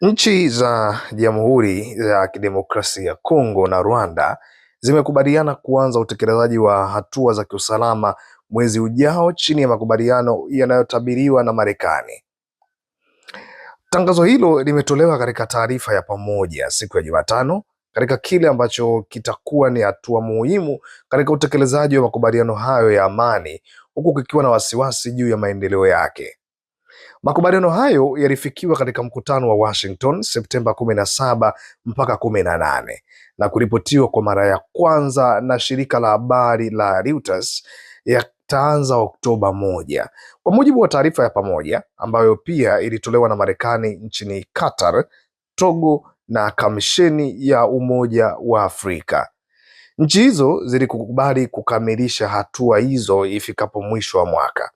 Nchi za Jamhuri ya Kidemokrasia ya Kongo na Rwanda zimekubaliana kuanza utekelezaji wa hatua za kiusalama mwezi ujao chini ya makubaliano yanayotabiriwa na Marekani. Tangazo hilo limetolewa katika taarifa ya pamoja siku ya Jumatano katika kile ambacho kitakuwa ni hatua muhimu katika utekelezaji wa makubaliano hayo ya amani huku kikiwa na wasiwasi juu ya maendeleo yake. Makubaliano hayo yalifikiwa katika mkutano wa Washington Septemba 17 mpaka 18 na kuripotiwa kwa mara ya kwanza na shirika la habari la Reuters yataanza Oktoba moja, kwa mujibu wa taarifa ya pamoja ambayo pia ilitolewa na Marekani nchini Qatar, Togo na Kamisheni ya Umoja wa Afrika. Nchi hizo zilikubali kukamilisha hatua hizo ifikapo mwisho wa mwaka.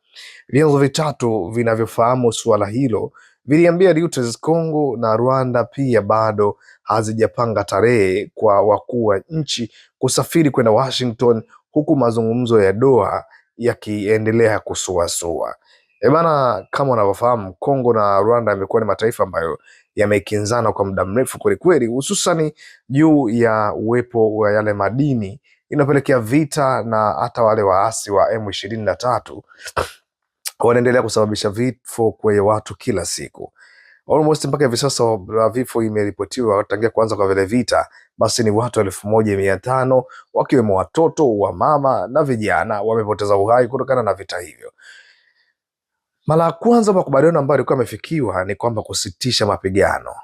Vyanzo vitatu vinavyofahamu suala hilo viliambia Reuters Congo na Rwanda pia bado hazijapanga tarehe kwa wakuu wa nchi kusafiri kwenda Washington huku mazungumzo ya Doha yakiendelea kusuasua. E bana, kama unavyofahamu congo na Rwanda yamekuwa ni mataifa ambayo yamekinzana kwa muda mrefu kwelikweli, hususani juu ya uwepo wa yale madini inapelekea vita na hata wale waasi wa M ishirini na tatu wanaendelea kusababisha vifo kwenye watu kila siku almost mpaka hivi sasa uh, vifo imeripotiwa tangia kuanza kwa vile vita, basi ni watu elfu moja mia tano wakiwemo watoto wa mama na vijana wamepoteza uhai kutokana na vita hivyo. Mara ya kwanza makubaliano ambayo alikuwa amefikiwa ni kwamba kusitisha mapigano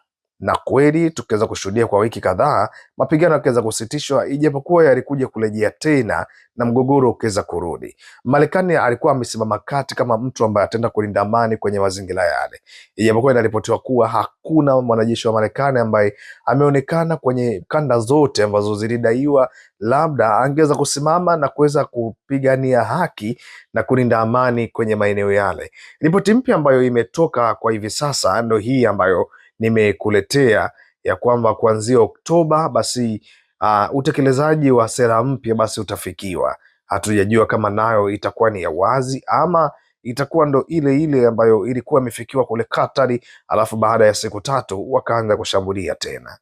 na kweli tukiweza kushuhudia kwa wiki kadhaa mapigano yakiweza kusitishwa, ijapokuwa yalikuja kurejea tena na mgogoro ukiweza kurudi. Marekani alikuwa amesimama kati kama mtu ambaye ataenda kulinda amani kwenye mazingira yale, ijapokuwa inaripotiwa kuwa hakuna mwanajeshi wa Marekani ambaye ameonekana kwenye kanda zote ambazo zilidaiwa labda angeweza kusimama na kuweza kupigania haki na kulinda amani kwenye maeneo yale. Ripoti mpya ambayo imetoka kwa hivi sasa ndio hii ambayo nimekuletea ya kwamba kuanzia Oktoba basi uh, utekelezaji wa sera mpya basi utafikiwa. Hatujajua kama nayo itakuwa ni ya wazi ama itakuwa ndo ile ile ambayo ilikuwa imefikiwa kule Katari, alafu baada ya siku tatu wakaanza kushambulia tena.